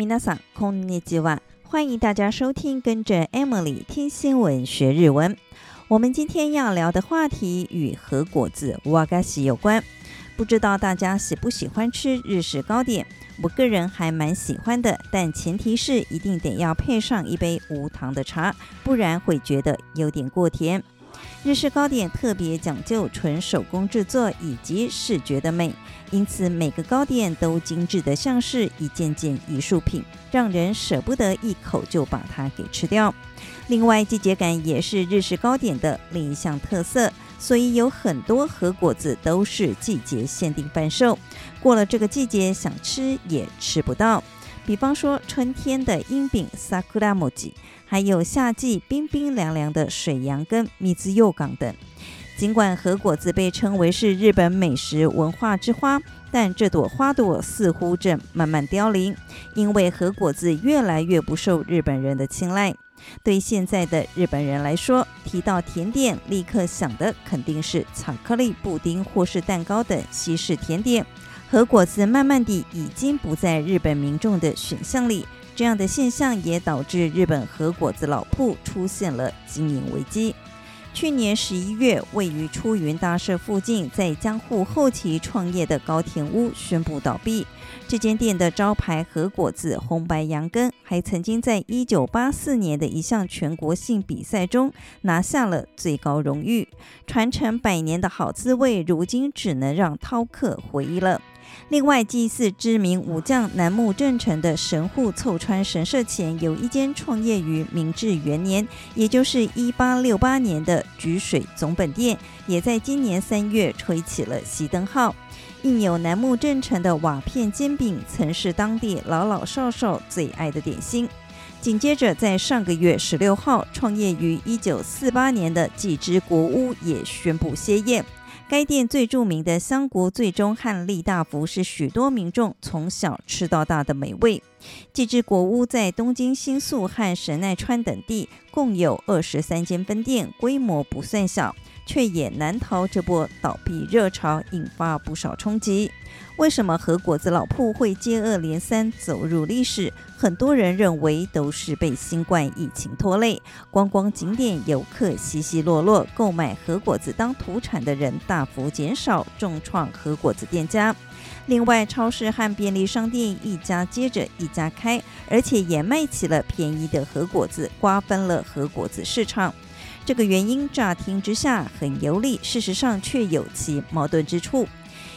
みさんこんにちは。歡迎大家收聽，跟着 Emily 聽新聞學日文。我們今天要聊的話題與和果子（ w a g a 有關。不知道大家喜不喜歡吃日式糕點？我個人還蠻喜歡的，但前提是一定得要配上一杯無糖的茶，不然會覺得有點過甜。日式糕點特別講究純手工製作以及視覺的美，因此每個糕點都精緻得像是一件件藝術品，讓人捨不得一口就把它給吃掉。另外，季節感也是日式糕點的另一項特色，所以有很多和果子都是季節限定販售，過了這個季節想吃也吃不到。比方說，春天的櫻餅薩庫拉、莫吉，還有夏季冰冰涼涼的水羊羹蜜汁柚港等。儘管和菓子被稱為是日本美食文化之花，但這朵花朵似乎正慢慢凋零，因為和菓子越來越不受日本人的青睞。對現在的日本人來說，提到甜點，立刻想的肯定是巧克力布丁或是蛋糕等西式甜點。和菓子慢慢地已經不在日本民眾的選項裡，這樣的現象也導致日本和菓子老鋪出現了經營危機。去年十一月，位於出雲大社附近、在江戶後期創業的高田屋宣布倒閉。這間店的招牌和菓子紅白羊羹，還曾經在一九八四年的一項全國性比賽中拿下了最高榮譽。傳承百年的好滋味，如今只能讓饕客回憶了。另外，祭祀知名武將楠木正成的神戶湊川神社前，有一間創業於明治元年，也就是一八六八年的菊水總本店，也在今年三月吹起了熄燈號。印有楠木正成的瓦片煎餅，曾是當地老老少少最愛的點心。緊接着，在上個月十六號，創業於一九四八年的紀之國屋也宣布歇業。該店最著名的三國最中、和麗大福是許多民眾從小吃到大的美味。紀之國屋在東京新宿和神奈川等地，共有二十三間分店，規模不算小，卻也難逃這波倒閉熱潮，引發不少衝擊。為什麼和菓子老鋪會接二連三走入歷史？很多人認為都是被新冠疫情拖累，觀光景點遊客稀稀落落，購買和菓子當土產的人大幅減少，重創和菓子店家。另外，超市和便利商店一家接着一家開，而且也賣起了便宜的和菓子，瓜分了和菓子市場。這個原因乍聽之下很有理，事實上卻有其矛盾之處，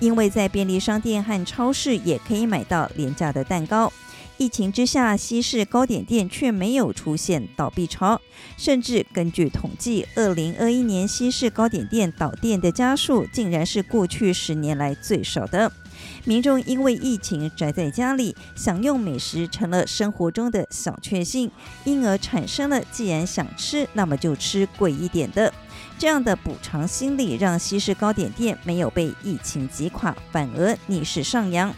因為在便利商店和超市也可以買到廉價的蛋糕。疫情之下，西式糕點店卻沒有出現倒閉潮，甚至根據統計，二零二一年西式糕點店倒店的家數竟然是過去十年來最少的。民眾因為疫情宅在家裡，享用美食成了生活中的小確幸，因而產生了既然想吃，那麼就吃貴一點的這樣的補償心理，讓西式糕點店沒有被疫情擊垮，反而逆勢上揚。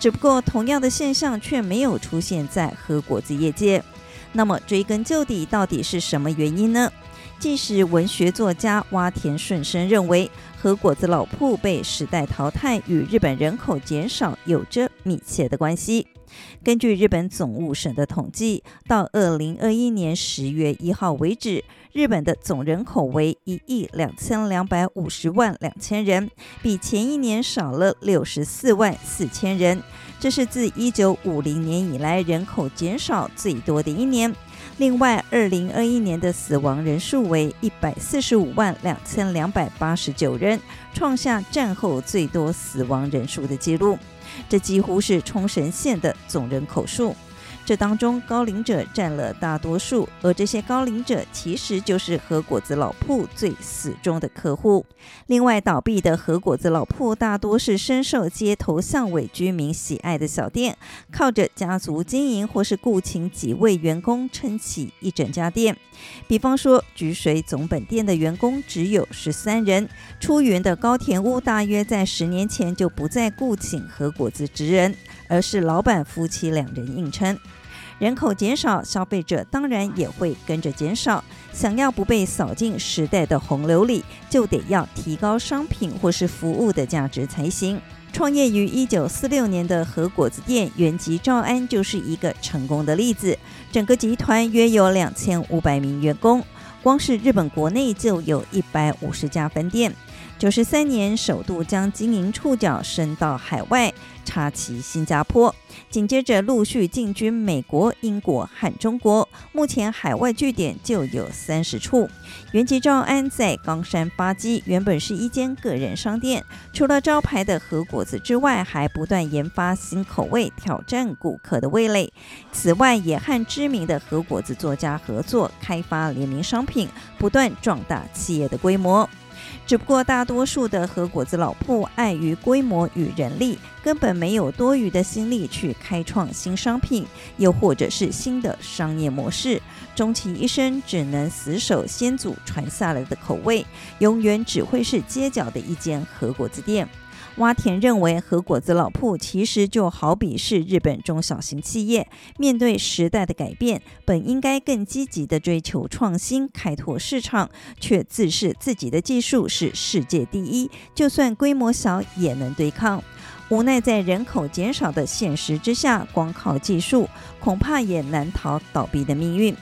只不過，同樣的現象卻沒有出現在和菓子業界。那麼追根究底，到底是什麼原因呢？歷史文學作家洼田順生認為，和菓子老鋪被時代淘汰與日本人口減少有着密切的關係。根據日本總務省的統計，到二零二一年十月一號為止，日本的總人口為一億兩千兩百五十萬兩千人，比前一年少了六十四萬四千人。這是自1950年以來人口減少最多的一年。另外，2021年的死亡人數為145萬2289人，創下戰後最多死亡人數的記錄。這幾乎是沖繩縣的總人口數。這當中高齡者佔了大多數，而這些高齡者其實就是和菓子老鋪最死忠的客戶。另外，倒閉的和菓子老鋪大多是深受街頭巷尾居民喜愛的小店，靠着家族經營或是僱請幾位員工撐起一整家店。比方說，菊水總本店的員工只有十三人，出雲的高田屋大約在十年前就不再僱請和菓子職人，而是老闆夫妻兩人硬撐。人口減少，消費者當然也會跟着減少。想要不被掃進時代的洪流裡，就得要提高商品或是服務的價值才行。創業於一九四六年的和菓子店源吉兆庵就是一個成功的例子。整個集團約有兩千五百名員工，光是日本國內就有一百五十家分店。九十三年，首度將經營觸角伸到海外，插旗新加坡，緊接着陸續進軍美國、英國和中國。目前海外據點就有三十處。源吉兆庵在岡山發跡，原本是一間個人商店，除了招牌的和菓子之外，還不斷研發新口味，挑戰顧客的味蕾。此外，也和知名的和菓子作家合作開發聯名商品，不斷壯大企業的規模。只不過，大多數的和菓子老鋪礙於規模與人力，根本沒有多餘的心力去開創新商品，又或者是新的商業模式，終其一生只能死守先祖傳下來的口味，永遠只會是街角的一間和菓子店。窪田認為，和菓子老鋪其實就好比是日本中小型企業，面對時代的改變，本應該更積極地追求創新、開拓市場，卻自恃自己的技術是世界第一，就算規模小也能對抗。無奈在人口減少的現實之下，光靠技術恐怕也難逃倒閉的命運。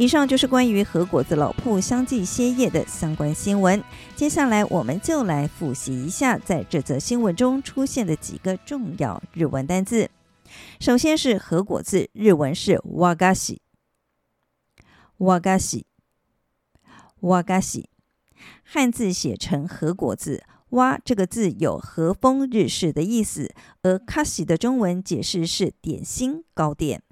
以上就是關於和菓子老鋪相繼歇業的相關新聞。接下來，我們就來複習一下在這則新聞中出現的幾個重要日文單字，首先是和菓子，日文是 wagashi，wagashi，wagashi，漢字寫成和菓子。哇，這個字有和風日式的意思。而卡西的中文解釋是點心糕點。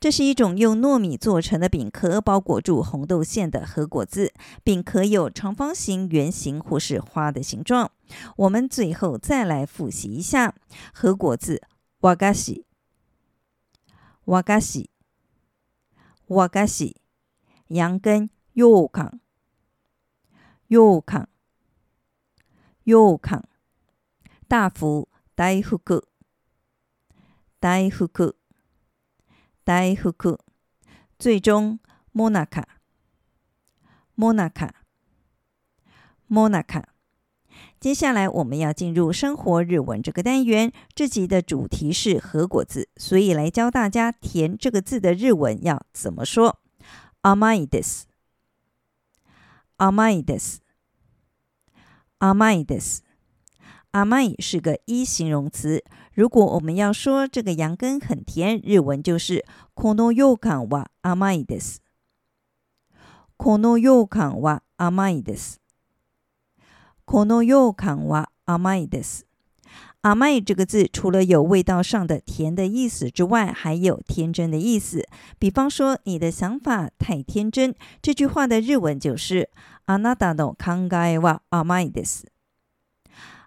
這是一種用糯米做成的餅殼，包裹住紅豆餡的和菓子。餅殼有長方形、圓形或是花的形狀。我們最後再來複習一下和菓子，哇嘎西。哇嘎西。哇嘎西。羊羹 yokan，yokan，yokan 大福 daifuku，daifuku 大福，最中もなか、もなか、もなか。接下來我們要進入生活日文這個單元。這集的主題是和菓子，所以來教大家甜這個字的日文要怎麼說：甘いです，甘いです，甘いです。“あまい”是個一形容詞。如果我們要說這個羊羹很甜，日文就是“このようかんはあまいです”。このようかんはあまいです。このようかんはあまいです。このようかんはあまいです“あまい”甘い這個字除了有味道上的甜的意思之外，還有天真的意思。比方說，你的想法太天真，這句話的日文就是“あなたの考えはあまいです”。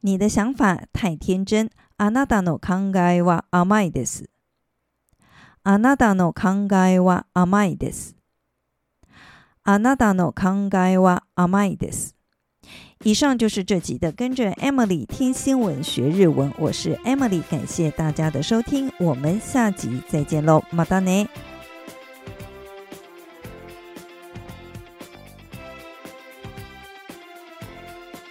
你的想法太天真。あなたの考えは甘いです。あなたの考えは甘いです。あなたの考えは甘いです。です，以上就是這集的，跟着 Emily 聽新聞學日文。我是 Emily，感謝大家的收聽，我們下集再見嘍，またね。